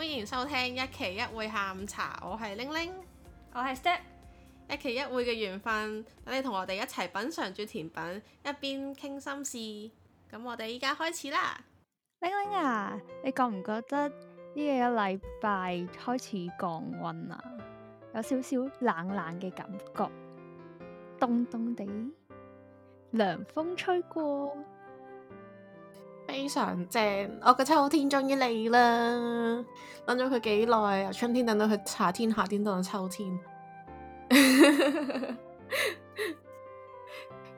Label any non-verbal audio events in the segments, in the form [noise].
歡迎收聽一期一會下午茶，我係玲玲，我係 Step，一期一會嘅緣分，等你同我哋一齊品嘗住甜品，一邊傾心事。咁我哋依家開始啦，玲玲啊，你覺唔覺得呢個禮拜開始降溫啊？有少少冷冷嘅感覺，凍凍地，涼風吹過。非常正，我嘅秋天終於嚟啦！等咗佢幾耐啊，春天等到佢，夏天夏天等到秋天。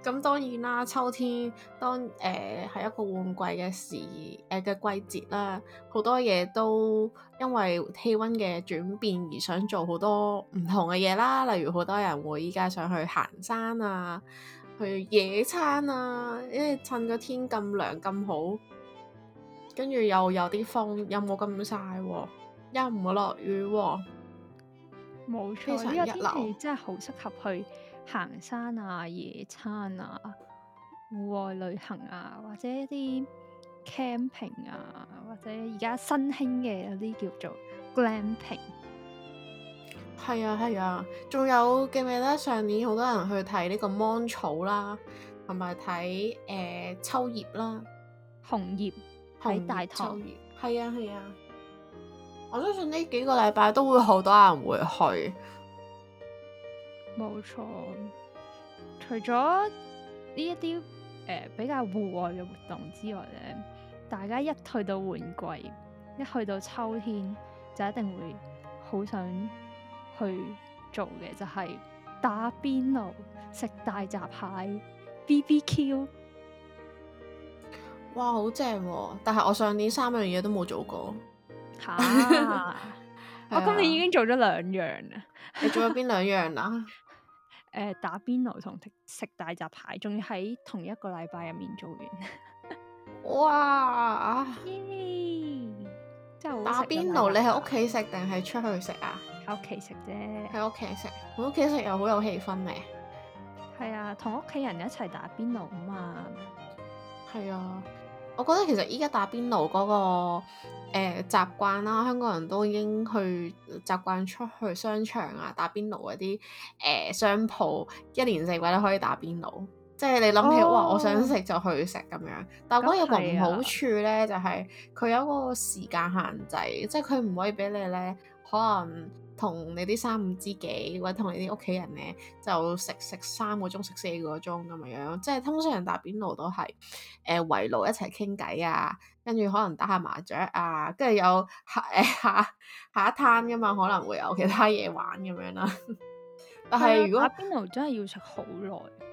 咁 [laughs] 當然啦，秋天當誒係、呃、一個換季嘅時誒嘅、呃、季節啦，好多嘢都因為氣溫嘅轉變而想做好多唔同嘅嘢啦，例如好多人會依家想去行山啊。去野餐啊！因為趁個天咁涼咁好，跟住又有啲風，又冇咁曬喎，又唔會落雨喎。冇錯，呢啲天氣真係好適合去行山啊、野餐啊、戶外旅行啊，或者一啲 camping 啊，或者而家新興嘅有啲叫做 glamping。係啊係啊，仲有，記唔記得上年好多人去睇呢個芒草啦，同埋睇誒，秋葉啦，紅葉喺大棠。係啊係啊，我相信呢幾個禮拜都會好多人會去。冇錯，除咗呢一啲誒，比較戶外嘅活動之外咧，大家一去到換季，一去到秋天就一定會好想。去做嘅就係、是、打邊爐、食大閘蟹、BBQ。哇，好正、喎！但係我上年三樣嘢都冇做過。吓，我今年已經做咗兩樣啦。 [laughs] 你做咗邊兩樣啊？誒、 [laughs] 呃，打邊爐同食大閘蟹，仲要喺同一個禮拜入面做完。 [laughs] 哇啊！Yay! 真係打邊爐，你喺屋企食定係出去食啊？屋企食啫，喺屋企食，喺屋企食又好有氣氛咧。係啊，同屋企人一齊打邊爐啊嘛。係啊，我覺得其實依家打邊爐嗰、嗰個誒、呃、習慣啦，香港人都已經去習慣出去商場啊，打邊爐嗰啲誒商鋪，一年四季都可以打邊爐。即係你諗起、哦、哇，我想食就去食咁樣。但係我覺得有個唔好處咧，啊、就係佢有個時間限制，即係佢唔可以俾你咧可能。同你啲三五知己或者同你啲屋企人咧，就食食三個鐘，食四個鐘咁樣，即係通常打邊爐都係誒、呃、圍爐一齊傾偈啊，跟住可能打下麻雀啊，跟住有下、欸、下下一攤噶嘛，可能會有其他嘢玩咁樣啦、啊。但係、啊、如果打邊爐真係要食好耐，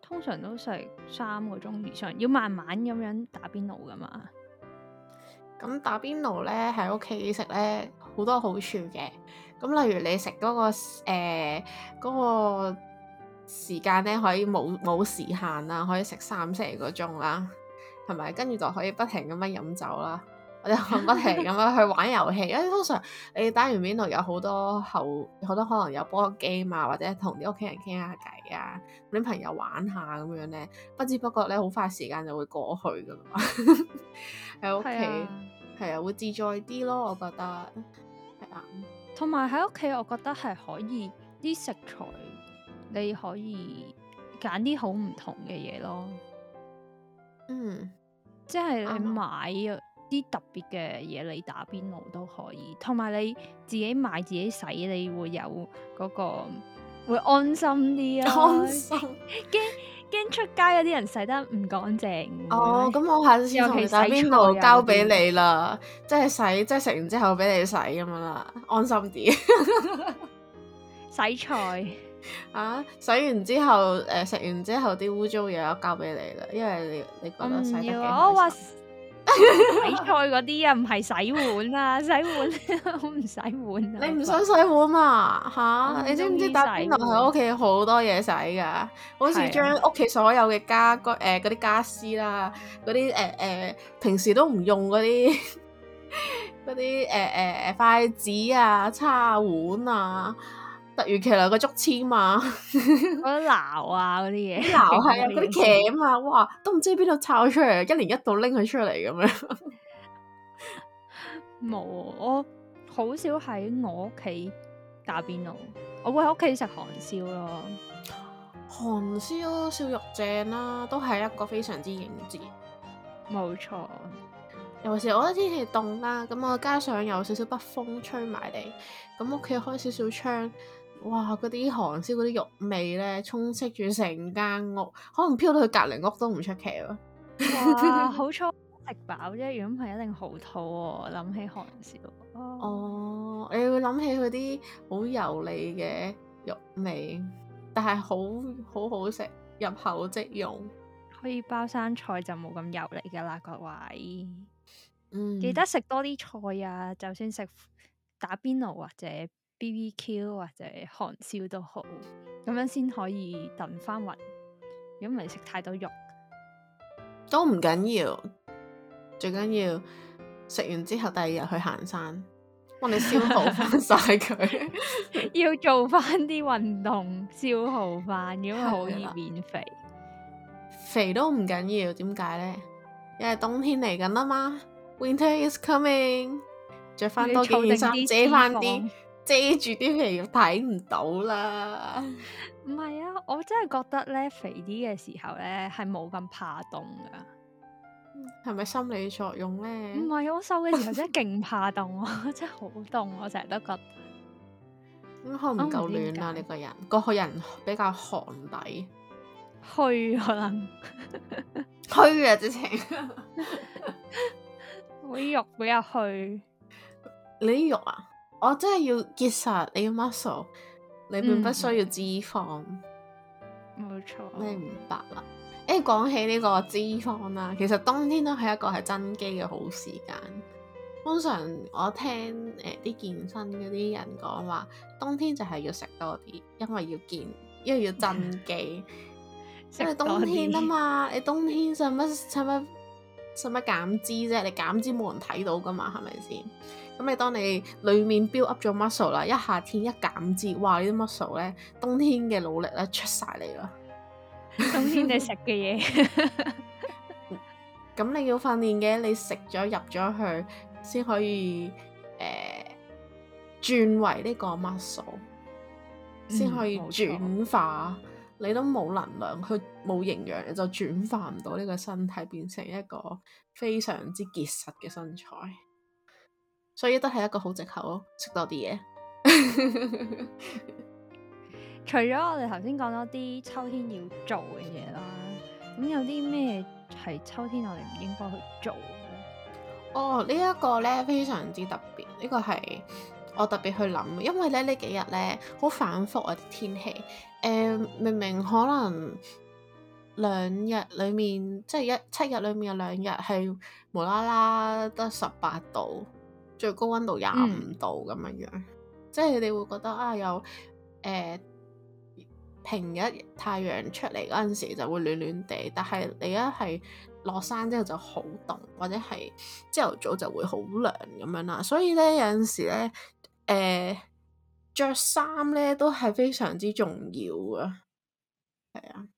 通常都食三個鐘以上，要慢慢咁樣打邊爐噶嘛。咁、嗯、打邊爐咧喺屋企食咧。好多好處嘅，咁例如你食嗰、嗰個誒嗰、呃嗰個時間咧，可以冇冇時限啊，可以食三四個鐘啦，係咪？跟住就可以不停咁樣飲酒啦，或者不停咁樣去玩遊戲。 [laughs] 因為通常你打完邊爐有好多後，好多可能有 board game 啊，或者同啲屋企人傾下偈啊，同啲朋友玩下咁樣咧，不知不覺咧，好快時間就會過去噶嘛。喺屋企係啊，會自在啲咯，我覺得。同埋喺屋企，我覺得係可以啲食材，你可以揀啲好唔同嘅嘢咯。嗯，即係你買啲特別嘅嘢你打邊爐都可以。同埋你自己買自己洗，你會有嗰、嗰個會安心啲啊！安心嘅。 [laughs] 驚出街有啲人洗得唔乾淨。哦，咁為、哦、我下次同你洗菜交俾你啦，即係洗，即係食完之後俾你洗咁樣啦，安心啲。 [laughs] [laughs] 洗菜啊！洗完之後，誒、呃，食完之後啲污糟嘢交俾你啦，因為你你覺得洗得幾開心洗菜嗰啲啊，唔係 [laughs] 洗碗啊，洗碗我唔洗碗啊。你唔想洗碗嘛？嚇！你知唔知打邊爐喺屋企好多嘢洗噶？好似將屋企所有嘅家具、誒嗰啲家私啦，嗰啲誒誒，平時都唔用嗰啲嗰啲誒誒筷子啊，叉碗啊。突如其來個竹籤嘛，嗰得撈啊嗰啲嘢，撈係啊嗰啲鉗啊，哇都唔知邊度抄出嚟，一年一度拎佢出嚟咁樣。冇， [laughs] 我好少喺我屋企打邊爐，我會喺屋企食韓燒咯。韓燒燒肉正啦，啊，都係一個非常之應節。冇錯錯，有時我覺得天氣凍啦，咁我加上有少少北風吹埋嚟，咁屋企開少少窗。哇！嗰啲韓燒嗰啲肉味咧，充斥住成間屋，可能飄到去隔離屋都唔出奇咯。哇 [laughs] 好彩，食飽啫，如果唔係一定好肚喎。諗起韓燒哦，哦，你會諗起嗰啲好油膩嘅肉味，但係好好好食，入口即溶。可以包生菜就冇咁油膩㗎喇，各位。嗯，記得食多啲菜啊！就算食打邊爐或者～BBQ 或者韓燒都好，咁樣先可以燉翻勻。如果唔係食太多肉，都唔緊要。最緊要食完之後第二日去行山，我哋消耗翻晒佢。要做翻啲運動，消耗翻，咁啊可以免肥。肥都唔緊要，點解咧？因為冬天嚟緊啦嘛，Winter is coming，着翻多，多件衫，遮翻啲。遮住啲肥，睇唔到啦。唔係啊，我真係覺得咧，肥啲嘅時候咧，係冇咁怕凍噶。係咪、嗯、心理作用咧？唔係、啊，我瘦嘅時候真係勁怕凍， [laughs] 真係好凍，我成日都覺得、嗯。可能唔夠暖啊！呢個人，個個人比較寒底，虛可能虛 [laughs] 啊！直情，我 [laughs] 啲 [laughs] 肉比較虛， [laughs] 你啲肉啊？我真係要結實，你要 muscle，你並不需要脂肪，冇錯，嗯，你明白啦。誒、欸、講起呢個脂肪啦，其實冬天都係一個係增肌嘅好時間。通常我聽誒啲、呃、健身嗰啲人講話，冬天就係要食多啲，因為要健，因為要增肌。 [laughs] 因為冬天啊嘛，你冬天使乜使乜？使乜減脂啫？你減脂冇人睇到噶嘛？係咪先？咁你當你裏面 build up 咗 muscle 啦，一夏天一減脂，哇！呢啲 muscle 咧，冬天嘅努力咧出晒嚟啦。 [laughs] 冬天你食嘅嘢，咁 [laughs] 你要訓練嘅，你食咗入咗去先可以誒、呃、轉為呢個 muscle，先可以轉化、嗯。你都冇能量，佢冇營養，你就轉化唔到呢個身體變成一個非常之結實嘅身材，所以都係一個好藉口咯。食多啲嘢。 [laughs] 除咗我哋頭先講咗啲秋天要做嘅嘢啦，咁有啲咩係秋天我哋唔應該去做咧？哦，呢一個呢，非常之特別，呢個係。我特別去諗，因為咧呢幾日咧好反覆啊啲天氣，誒、呃、明明可能兩日裡面，即、就、係、是、一七日裡面有兩日係無啦啦得十八度，最高溫度廿五度咁樣樣，嗯、即係你會覺得啊，有誒、呃、平日太陽出嚟嗰陣時就會暖暖地，但係你一係落山之後就好凍，或者係朝頭早就會好涼咁樣啦，所以咧有陣時咧。誒，uh, 着衫咧都係非常之重要嘅，係啊，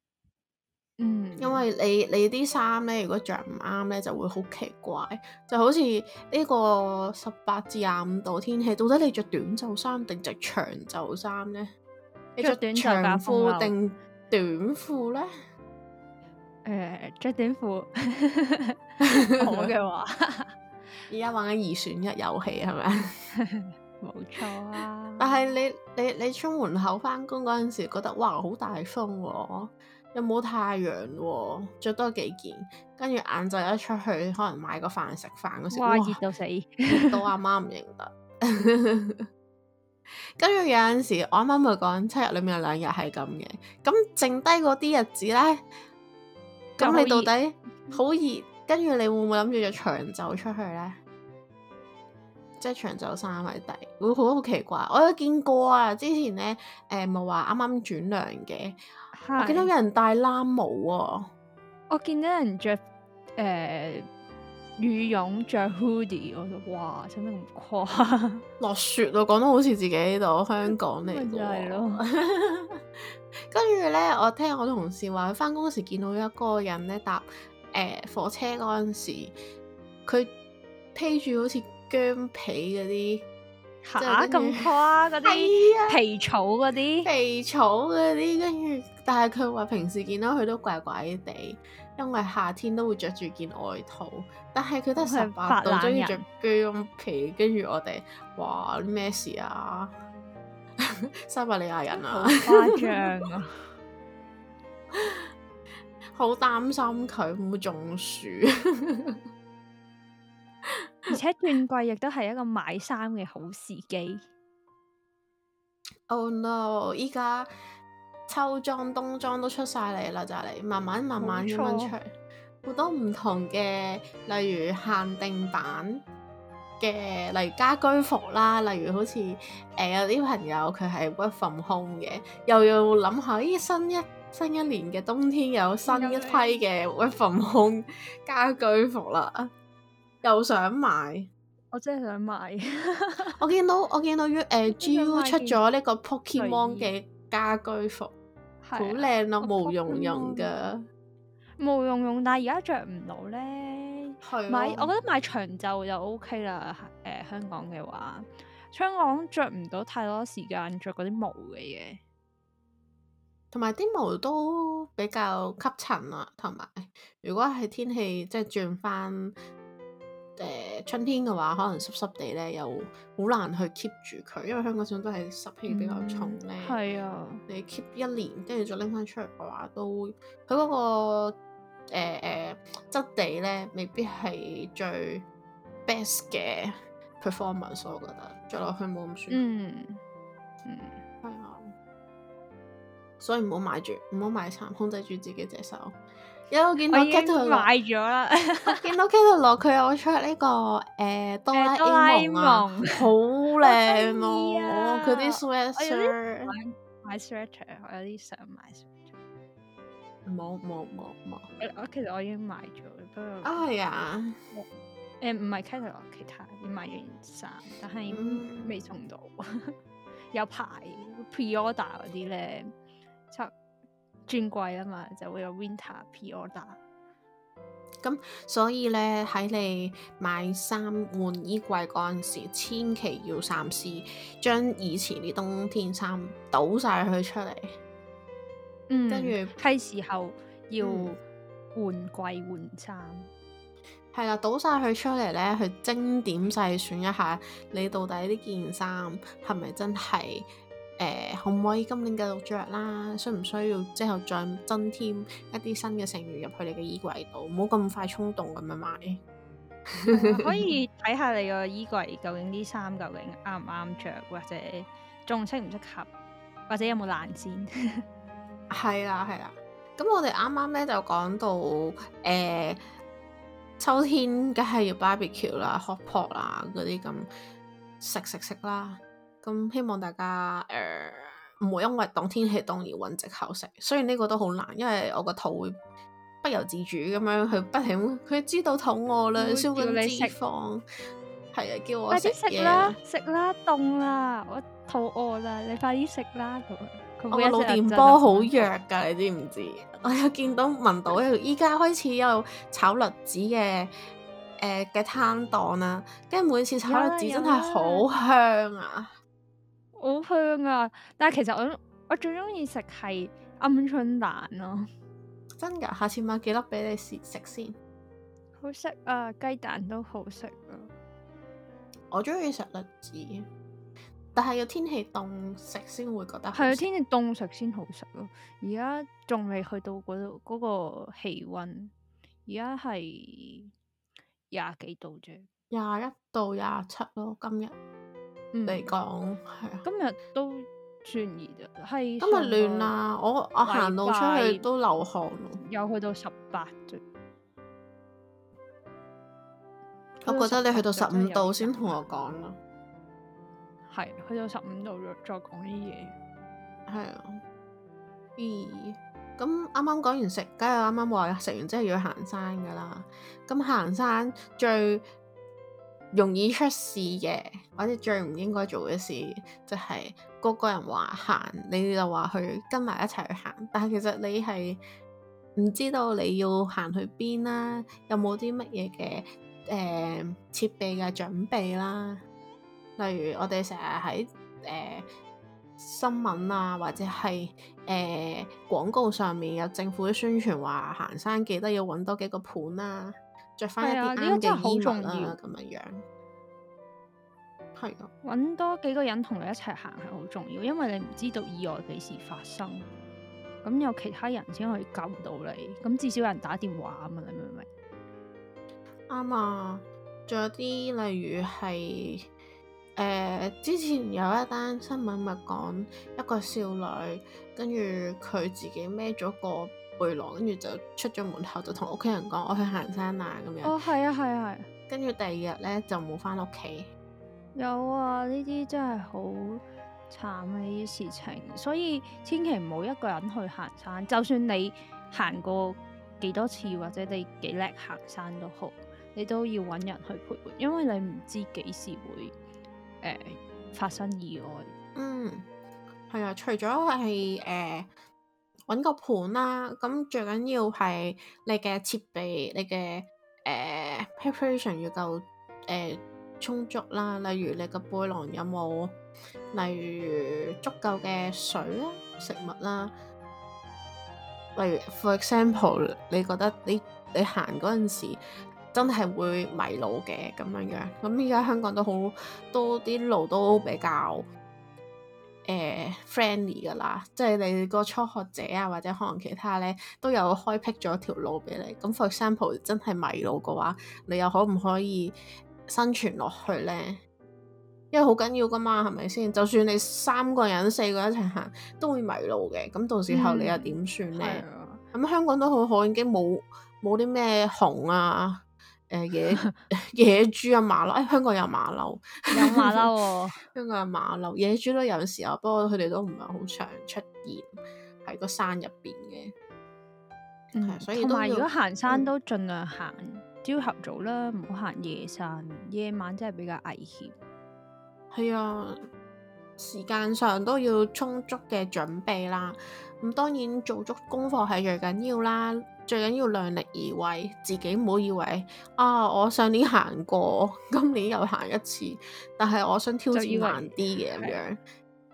嗯，mm. 因為你你啲衫咧，如果着唔啱咧，就會好奇怪，就好似呢個十八至廿五度天氣，到底你着短袖衫定着,着長袖衫咧？你着長褲定短褲咧？誒、uh,，着短褲，我嘅話，而 [laughs] 家玩緊二選一遊戲係咪？ [laughs] 冇錯啊！ [laughs] 但係你你你出門口翻工嗰陣時，覺得哇好大風，哦，又冇太陽，哦，着多幾件，跟住晏晝一出去，可能買個飯食飯，嗰時熱到死， [laughs] 到阿媽唔認得。跟 [laughs] 住 [laughs] 有陣時，我啱啱咪講七日裏面有兩日係咁嘅，咁剩低嗰啲日子咧，咁你到底熱好熱，跟住你會唔會諗住着長袖出去咧？即係長袖衫嚟抵，會覺得好奇怪。我有見過啊，之前咧誒咪話啱啱轉涼嘅，是我見到有人戴冷帽啊，我見到人着誒、呃、羽絨着 hoodie，我話哇，使乜咁誇？落 [laughs] 雪啊，講得好似自己喺度香港嚟㗎喎。跟住咧，我聽我同事話，佢翻工嗰時見到一個人咧搭誒、呃、火車嗰陣時，佢披住好似～姜皮嗰啲嚇，咁誇，嗰啲皮草，嗰啲皮草嗰啲。跟住但係佢話平時見到佢都怪怪地，因為夏天都會着住件外套，但係佢都十八度，中意着姜皮，跟住我哋，哇，咩事啊， [laughs] 西伯利亞人啊，好誇張啊， [laughs] 好擔心佢會中暑。 [laughs] 而且轉季亦都係一個買衫嘅好時機。Oh no！依家秋裝、冬裝都出晒嚟啦，就嚟慢慢慢慢咁樣出，好多唔同嘅，例如限定版嘅，例如家居服啦，例如好似誒有啲朋友佢係 work from home 嘅，又要諗下咦新一新一年嘅冬天有新一批嘅 work from home 家居服啦。又想買，我真係想買 [laughs] [laughs] 我。我見到我見到，誒、呃、G U [laughs] 出咗呢個 Pokemon 嘅家居服，好靚 [laughs] 啊，毛茸茸噶，毛茸茸，但係而家着唔到咧。係， [laughs] 買，我覺得買長袖就 O K 啦。誒、呃，香港嘅話，香港着唔到太多時間着嗰啲毛嘅嘢，同埋啲毛都比較吸塵啊。同埋，如果係天氣即係轉翻。誒、呃、春天嘅話，可能濕濕地咧，又好難去 keep 住佢，因為香港始終都係濕氣比較重咧。係、嗯、啊，你 keep 一年，跟住再拎翻出嚟嘅話，都佢嗰、那個誒誒、呃呃、質地咧，未必係最 best 嘅 performance，我覺得着落去冇咁舒服。嗯，係啊，所以唔好買住，唔好買衫，控制住自己隻手。有我見到 Kate 羅買咗啦，我見到 Kate 羅佢有出呢個誒《哆啦 A 夢》啊，好靚喎！我佢啲 sweater，買 sweater，我有啲想買 sweater。冇冇冇冇，我其實我已經買咗，不過啊係啊，誒唔係 Kate 羅，其他買咗件衫，但係未送到，有排 pre-order 嗰啲咧，差。專櫃啊嘛，就會有 winter pre-order。咁、嗯、所以咧，喺你買衫換衣櫃嗰陣時，千祈要三思，將以前啲冬天衫倒晒佢出嚟。嗯，跟住係時候要換季換衫。係啦、嗯，倒晒佢出嚟咧，去精點細選一下，你到底呢件衫係咪真係？誒可唔可以今年繼續着啦？需唔需要之後再增添一啲新嘅成員入去你嘅衣櫃度？唔好咁快衝動咁樣買，可以睇下你個衣櫃究竟啲衫究竟啱唔啱着，或者仲適唔適合，或者有冇爛線。係 [laughs] 啦、啊，係啦、啊。咁我哋啱啱咧就講到誒、呃、秋天，梗係要 barbecue 啦、hot pot 啦嗰啲咁食食食啦。咁希望大家誒唔會因為凍天氣凍而揾藉口食，雖然呢個都好難，因為我個肚會不由自主咁樣去不停，佢知道肚餓啦，燒緊脂肪。係啊吃，叫我快啲食啦，食啦，凍啦，我肚餓啦，你快啲食啦咁啊！我個腦電波好弱噶，你知唔知？ [laughs] 我又見到聞到，依家開始有炒栗子嘅嘅、呃、攤檔啦，跟住每次炒栗子真係好香啊！好香啊！但係其實我我最中意食係鵪鶉蛋咯、啊。真噶，下次買幾粒俾你試食先。好食啊！雞蛋都好食啊。我中意食栗子，但係要天氣凍食先會覺得。係啊，天氣凍食先好食咯、啊。而家仲未去到嗰度嗰個氣溫，而家係廿幾度啫。廿一到廿七咯，今日。嚟講，係今日都算熱嘅，係今日暖我啊！我我行路出去都流汗咯，有去到十八度。我覺得你去到十五度先同我講咯，係去到十五度再再講啲嘢。係啊，咦、嗯，咁啱啱講完食，咁又啱啱話食完之後要行山㗎啦，咁行山最容易出事嘅，或者最唔應該做嘅事，就係、是、個個人話行，你就話去跟埋一齊去行。但係其實你係唔知道你要行去邊啦，有冇啲乜嘢嘅誒設備嘅準備啦？例如我哋成日喺誒新聞啊，或者係誒、呃、廣告上面有政府嘅宣傳話行山記得要揾多幾個盤啦、啊。着翻一啲啱嘅衣物啦、啊，咁樣，係咯，揾多幾個人同你一齊行係好重要，因為你唔知道意外幾時發生，咁有其他人先可以救到你，咁至少有人打電話啊嘛，你明唔明？啱啊，仲有啲例如係，誒、呃、之前有一單新聞咪講一個少女，跟住佢自己孭咗個背囊跟住就出咗門口，就同屋企人講，我去行山啦咁樣。哦，係啊，係啊，跟住、啊、第二日咧就冇翻屋企。有啊，呢啲真係好慘嘅啲事情，所以千祈唔好一個人去行山。就算你行過幾多次，或者你幾叻行山都好，你都要揾人去陪伴，因為你唔知幾時會誒、呃、發生意外。嗯，係啊，除咗係誒。呃揾個盤啦，咁最緊要係你嘅設備、你嘅誒 preparation 要夠誒充足啦。例如你個背囊有冇，例如足夠嘅水啦、食物啦。例如，for example，你覺得你你行嗰陣時真係會迷路嘅咁樣樣。咁而家香港都好多啲路都比較誒 friendly 噶啦，即係你個初學者啊，或者可能其他咧，都有開闢咗條路俾你。咁，for example 真係迷路嘅話，你又可唔可以生存落去咧？因為好緊要噶嘛，係咪先？就算你三個人、四個一齊行，都會迷路嘅。咁到時候你又點算咧？咁、嗯、香港都好好，已經冇冇啲咩熊啊！誒、呃、野 [laughs] 野豬啊，馬騮！誒、哎、香港有馬騮， [laughs] 有馬騮、啊、 [laughs] 香港有馬騮、野豬都有時候，不過佢哋都唔係好常出現喺個山入邊嘅。嗯，所以同埋如果行山都盡量行、嗯、朝頭早啦，唔好行夜山。夜晚真係比較危險。係啊、嗯，時間上都要充足嘅準備啦。咁、嗯、當然做足功課係最緊要啦。最緊要量力而為，自己唔好以為啊！我上年行過，今年又行一次，但係我想挑戰難啲嘅，咁樣，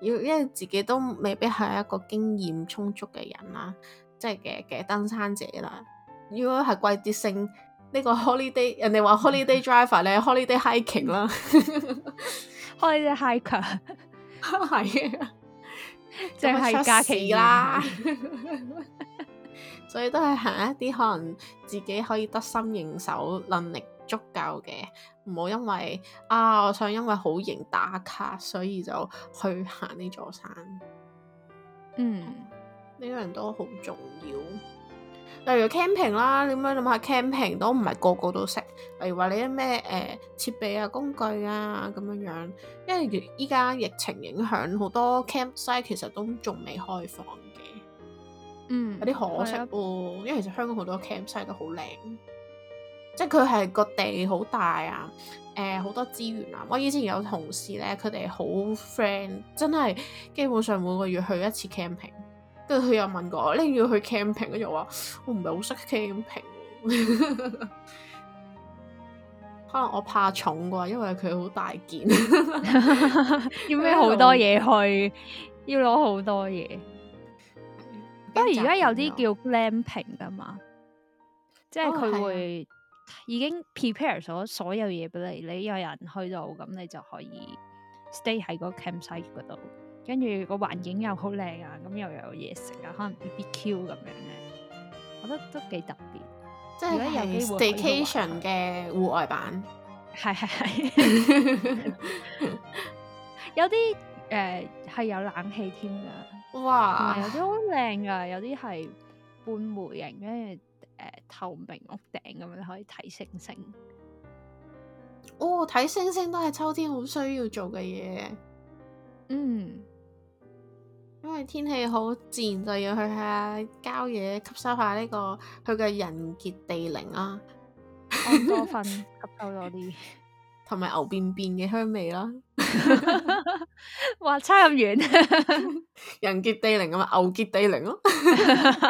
要的因為自己都未必係一個經驗充足嘅人啦，即係嘅嘅登山者啦。如果係季節性呢、這個 holiday，人哋話 holiday driver 咧、嗯、，holiday hiking 啦 [laughs] ，holiday hiker 係，即係假期啦。 [laughs] 所以都係行一啲可能自己可以得心應手、能力足夠嘅，唔好因為啊，我想因為好型打卡，所以就去行呢座山。嗯，呢樣都好重要。例如 camping 啦，點樣諗下 camping 都唔係個個都識。例如話你啲咩誒設備啊、工具啊咁樣樣，因為依家疫情影響，好多 campsite 其實都仲未開放。嗯，有啲可惜咯，的因為其實香港好多 campsite 都好靚，即係佢係個地好大啊，誒、呃，好多資源啊。我以前有同事咧，佢哋好 friend，真係基本上每個月去一次 camping。跟住佢又問過我，你要去 camping，跟住話我唔係好識 camping，可能我怕重啩，因為佢好大件， [laughs] [laughs] 要孭好多嘢去，要攞好多嘢。不過而家有啲叫 glamping 噶嘛，即係佢會已經 prepare 咗所有嘢俾你，你有人去到咁，你就可以 stay 喺個 campsite 嗰度，跟住個環境又好靚啊，咁又有嘢食啊，可能 BBQ 咁樣嘅，我覺得都幾特別，即係有機會 staycation 嘅戶外版，係、係、係，有啲。誒，係、呃、有冷氣添噶，哇！有啲好靚噶，有啲係半弧形，跟住誒透明屋頂咁樣可以睇星星。哦，睇星星都係秋天好需要做嘅嘢。嗯，因為天氣好自然就要去下郊野吸收下呢、這個佢嘅人傑地靈啦、啊， [laughs] 我多瞓吸收多啲。 [laughs] 同埋牛便便嘅香味啦， [laughs] 哇，差咁遠， [laughs] 人傑地靈啊嘛，牛傑地靈咯，係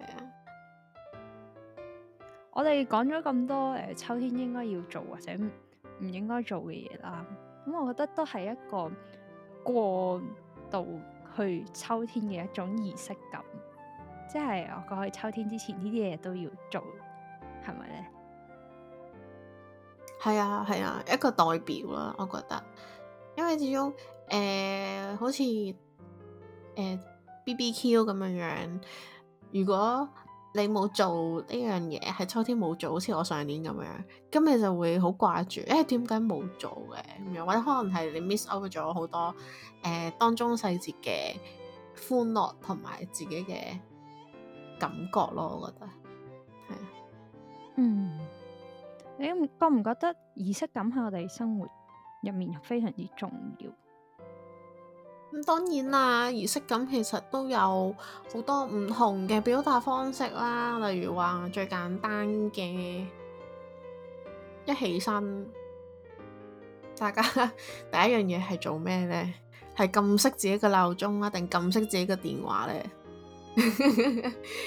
啊，我哋講咗咁多誒、呃，秋天應該要做或者唔應該做嘅嘢啦，咁、啊嗯、我覺得都係一個過渡去秋天嘅一種儀式感，即、就、係、是、我過去秋天之前呢啲嘢都要做。係咪咧？係啊，係啊，一個代表啦，我覺得，因為始終誒、呃，好似誒、呃、BBQ 咁樣樣，如果你冇做呢樣嘢，喺秋天冇做好似我上年咁樣，咁你就會好掛住，誒，點解冇做嘅咁樣？或者可能係你 miss out 咗好多誒、呃、當中細節嘅歡樂同埋自己嘅感覺咯，我覺得。嗯，你覺唔覺得儀式感喺我哋生活入面又非常之重要？咁當然啦，儀式感其實都有好多唔同嘅表達方式啦，例如話最簡單嘅一起身，大家第一樣嘢係做咩呢？係撳熄自己嘅鬧鐘啊，定撳熄自己嘅電話呢？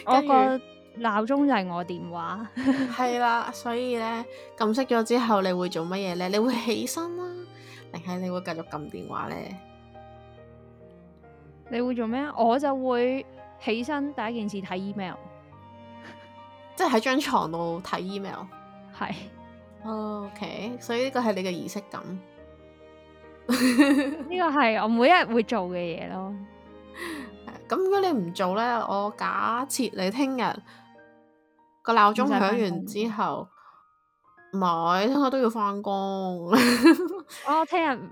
我覺。鬧鐘就係我電話，係啦，所以咧撳熄咗之後，你會做乜嘢咧？你會起身啦，啊，定係你會繼續撳電話咧？你會做咩？我就會起身，第一件事睇 email， [laughs] 即係喺張床度睇 email 是。係，oh, OK，所以呢個係你嘅儀式感。呢個係我每一日會做嘅嘢咯。咁 [laughs] 如果你唔做咧，我假設你聽日。個鬧鐘響完之後，唔係，聽日都要翻工。我聽日，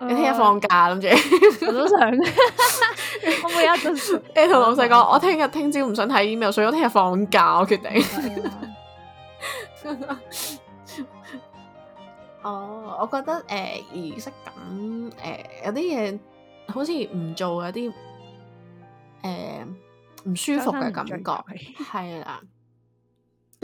你聽日放假諗住？我都想。我冇一陣，你同老細講，我聽日聽朝唔想睇 email，所以我聽日放假，我決定。哦 [laughs] ，oh, 我覺得誒，儀式感、呃誒、呃，有啲嘢好似唔做有啲誒唔舒服嘅感覺，係啦。 [laughs]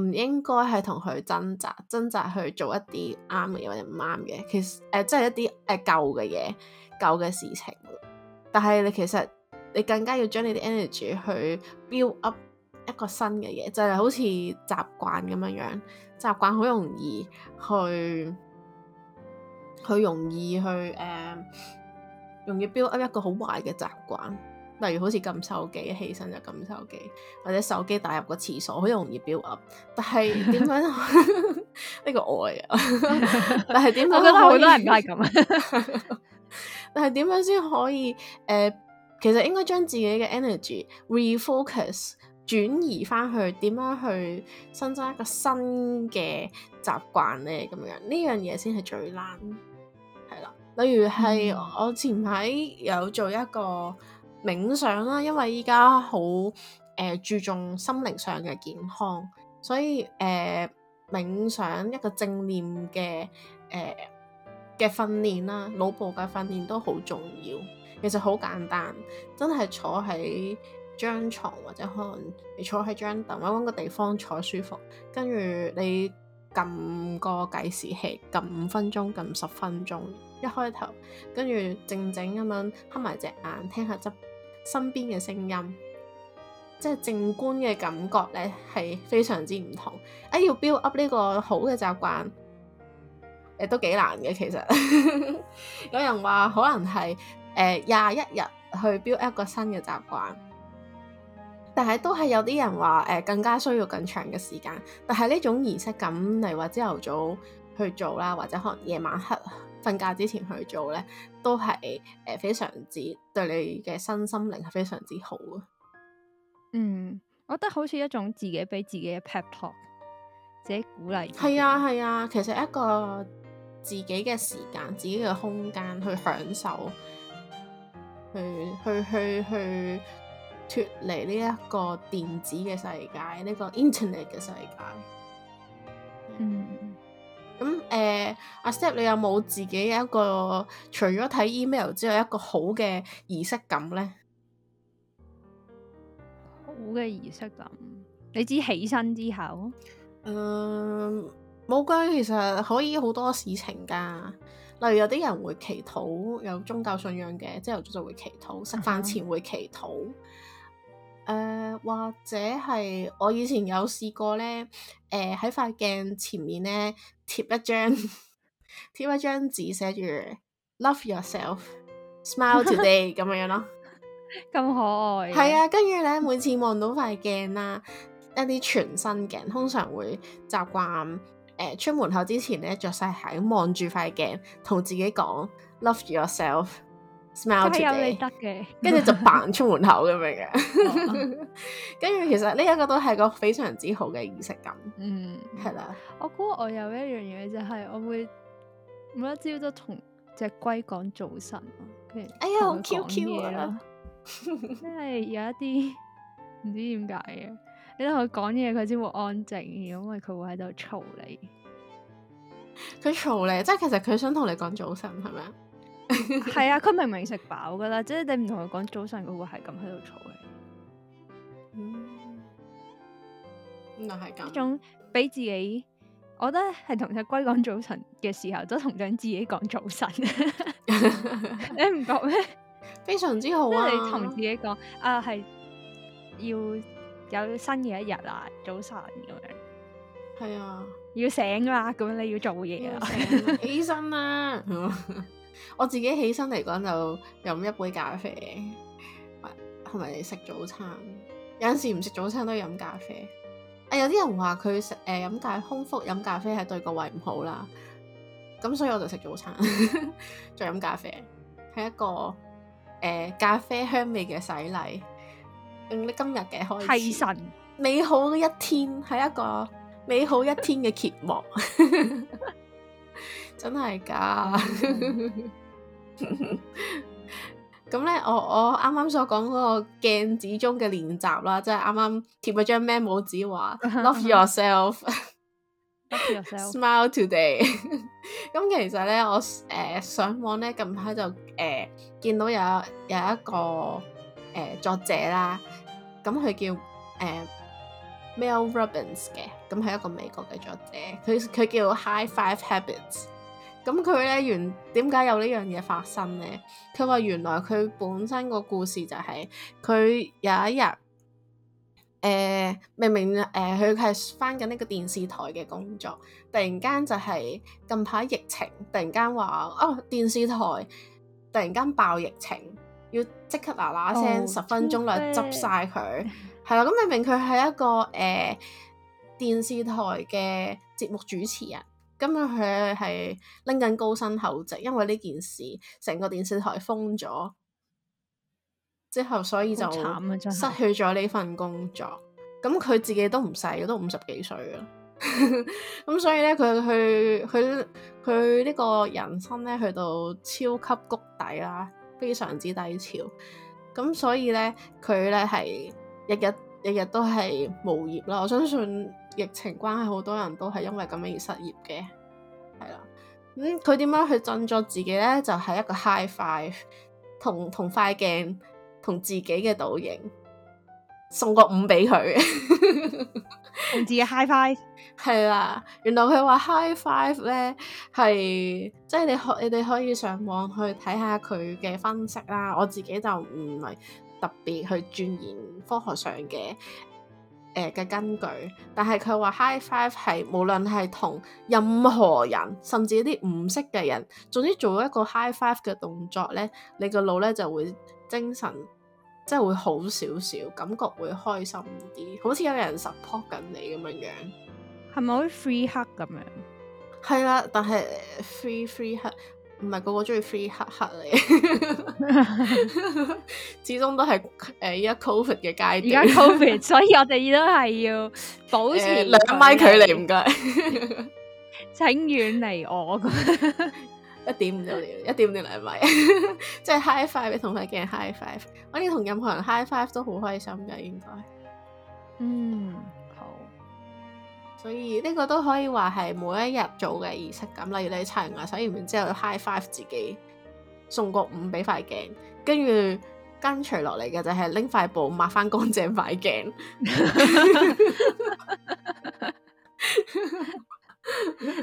唔應該係同佢掙扎，掙扎去做一啲啱嘅嘢或者唔啱嘅，其實誒即係一啲誒舊嘅嘢、舊、呃、嘅事情。但係你其實你更加要將你啲 energy 去 build up 一個新嘅嘢，就係、係、好似習慣咁樣樣，習慣好容易去去容易去誒、呃，容易 build up 一個好壞嘅習慣。例如好似撳手機，起身就撳手機，或者手機帶入個廁所，好容易 build up 但係點樣呢？ [laughs] [laughs] 個愛啊？ [laughs] 但係點樣我覺得好 [laughs] 多人唔係咁啊。 [laughs] [laughs] 但係點樣先可以？誒、呃，其實應該將自己嘅 energy refocus 轉移翻去點樣去新增一個新嘅習慣咧？咁樣呢樣嘢先係最難係啦。例如係、嗯、我前排有做一個。冥想啦，因為依家好誒注重心靈上嘅健康，所以誒冥想一個正念嘅誒嘅訓練啦，腦部嘅訓練都好重要。其實好簡單，真係坐喺張床，或者可能你坐喺張凳，揾個地方坐舒服，跟住你撳個計時器，撳五分鐘，撳十分鐘。一開頭跟住靜靜咁樣黑埋隻眼，聽下執。身邊嘅聲音，即係正觀嘅感覺咧，係非常之唔同。啊，要 build up 呢個好嘅習慣，誒都幾難嘅。其實 [laughs] 有人話可能係誒廿一日去 build up 個新嘅習慣，但係都係有啲人話誒、呃、更加需要更長嘅時間。但係呢種儀式感，例如話朝頭早去做啦，或者可能夜晚黑。瞓覺之前去做咧，都係誒、呃、非常之對你嘅身心靈係非常之好嘅。嗯，我覺得好似一種自己俾自己嘅 pep talk，自己鼓勵。係啊係啊，其實一個自己嘅時間、自己嘅空間去享受，去去去去脫離呢一個電子嘅世界，呢、呢個 internet 嘅世界。誒，阿 Step，你有冇自己一個除咗睇 email 之外一個好嘅儀式感呢？好嘅儀式感，你指起身之後？冇嘅。其實可以好多事情噶，例如有啲人會祈禱，有宗教信仰嘅，朝頭早就會祈禱，食飯前會祈禱。誒，或者係我以前有試過呢，誒，喺塊鏡前面呢。貼一張，貼一張紙寫住 Love yourself, smile today 咁 [laughs] 樣咯，咁可愛。係啊，跟住咧每次望到塊鏡啦，一啲全身鏡，通常會習慣誒、呃、出門口之前咧着晒鞋，望住塊鏡，同自己講 Love yourself。加入 Smile 你得嘅，跟住就扮出門口咁樣嘅，跟住其實呢一個都係個非常之好嘅儀式感。嗯，係啦吧，我估我有一樣嘢就係我會每一朝都同隻龜講早晨，跟住哎呀好 Q Q 啦，即係 [laughs] 有一啲唔知點解嘅， [laughs] [laughs] 你同佢講嘢佢先會安靜，因為佢會喺度嘈你，佢嘈你，即係其實佢想同你講早晨係咪啊？係 [laughs] 啊，佢明明食飽噶啦，即係你唔同佢講早晨，佢會係咁喺度嘈。嘅。嗯，咁又係咁。一種俾自己，我覺得係同隻龜講早晨嘅時候，都同緊自己講早晨。 [laughs] [laughs] [laughs] 你唔覺咩？非常之好啊！你同自己講啊，係要有新嘅一日啊，早晨咁、啊、樣。係啊，要醒啦，咁樣你要做嘢啊，起身啦。 [laughs] [laughs] 我自己起身嚟講就飲一杯咖啡，係咪食早餐？有陣時唔食早餐都飲咖啡。誒、啊，有啲人話佢食誒飲，但、呃、空腹飲咖啡係對個胃唔好啦。咁所以我就食早餐， [laughs] 再飲咖啡，係一個誒、呃、咖啡香味嘅洗禮，令你今日嘅開始，神美好嘅一天，係一個美好一天嘅揭幕。 [laughs] 真係噶咁咧，我我啱啱所講嗰個鏡子中嘅練習啦，即係啱啱貼咗張咩紙，話 [laughs] love yourself，smile today。 [laughs] 咁其實咧，我誒、呃、上網咧近排就誒、呃、見到有有一個誒、呃、作者啦，咁佢叫誒 Mel Robbins 嘅，咁、呃、係一個美國嘅作者，佢佢叫 High Five Habits。咁佢咧原，點解有呢樣嘢發生咧？佢話原來佢本身個故事就係、是、佢有一日，誒、呃、明明誒佢係翻緊呢個電視台嘅工作，突然間就係、是、近排疫情，突然間話哦，電視台突然間爆疫情，要即刻嗱嗱聲十分鐘內執晒佢，係啦是，咁明明佢係一個誒、呃、電視台嘅節目主持人。今日佢係拎緊高薪厚職，因為呢件事成個電視台封咗之後，所以就失去咗呢份工作。咁佢、啊、自己都唔細，都五十幾歲啦。咁 [laughs] 所以咧，佢去佢佢呢個人生咧，去到超級谷底啦，非常之低潮。咁所以咧，佢咧係日日日日都係無業啦。我相信。疫情關係，好多人都係因為咁樣而失業嘅，係啦。咁佢點樣去振作自己咧？就係、是、一個 high five，同同塊鏡，同自己嘅倒影，送個五俾佢。自 [laughs] 己 high five，係啦。原來佢話 high five 咧係，即係、就是、你可你哋可以上網去睇下佢嘅分析啦。我自己就唔係特別去鑽研科學上嘅。誒嘅、呃、根據，但係佢話 high five 係無論係同任何人，甚至啲唔識嘅人，總之做一個 high five 嘅動作咧，你個腦咧就會精神即係會好少少，感覺會開心啲，好似有人 support 緊你咁樣樣，係咪好似 free hug 咁樣？係 [noise] 啦、啊，但係 free free hug 唔係個個中意 free 黑黑嚟， [laughs] 始終都係誒依、呃、家 COVID 嘅階段，依家 COVID，所以我哋都係要保持兩米距離唔該， [laughs] 請遠離我。 [laughs] 一點 [laughs] 就嚟，一點五嚟咪，即係 high five 你同佢一樣 high five，我哋同任何人 high five 都好開心㗎，應該嗯。所以呢、這個都可以話係每一日做嘅儀式感，例如你刷牙洗完面之後，high five 自己，送個五俾塊鏡，跟住跟隨落嚟嘅就係拎塊布抹翻乾淨塊鏡，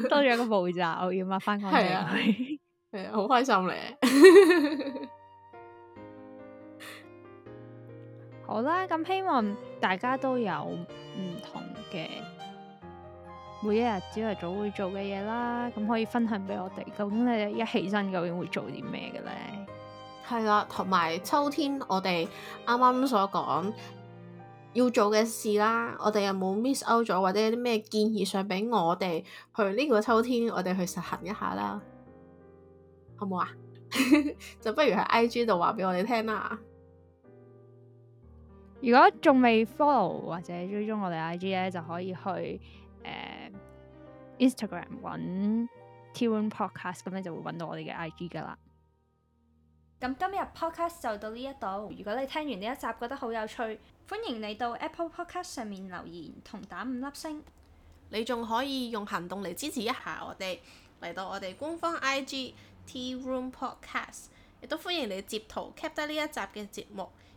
多咗一個步驟，我要抹翻乾淨，係啊，係啊，好、啊、開心嚟、啊， [laughs] [laughs] 好啦，咁希望大家都有唔同嘅。每一日朝頭早會做嘅嘢啦，咁可以分享俾我哋。究竟你一起身究竟會做啲咩嘅咧？係啦，同埋秋天我哋啱啱所講要做嘅事啦，我哋有冇 miss out 咗，或者有啲咩建議想俾我哋去呢個秋天我哋去實行一下啦，好唔好啊？ [laughs] 就不如喺 I G 度話俾我哋聽啦。如果仲未 follow 或者追蹤我哋 I G 咧，就可以去誒。呃 Instagram 揾 Tea Room Podcast，咁你就會揾到我哋嘅 IG 㗎喇。咁今日 Podcast 就到呢一度。如果你聽完呢一集覺得好有趣，歡迎你到 Apple Podcast 上面留言同打五粒星。你仲可以用行動嚟支持一下我哋，嚟到我哋官方 IG Tea Room Podcast，亦都歡迎你截圖 keep 得呢一集嘅節目。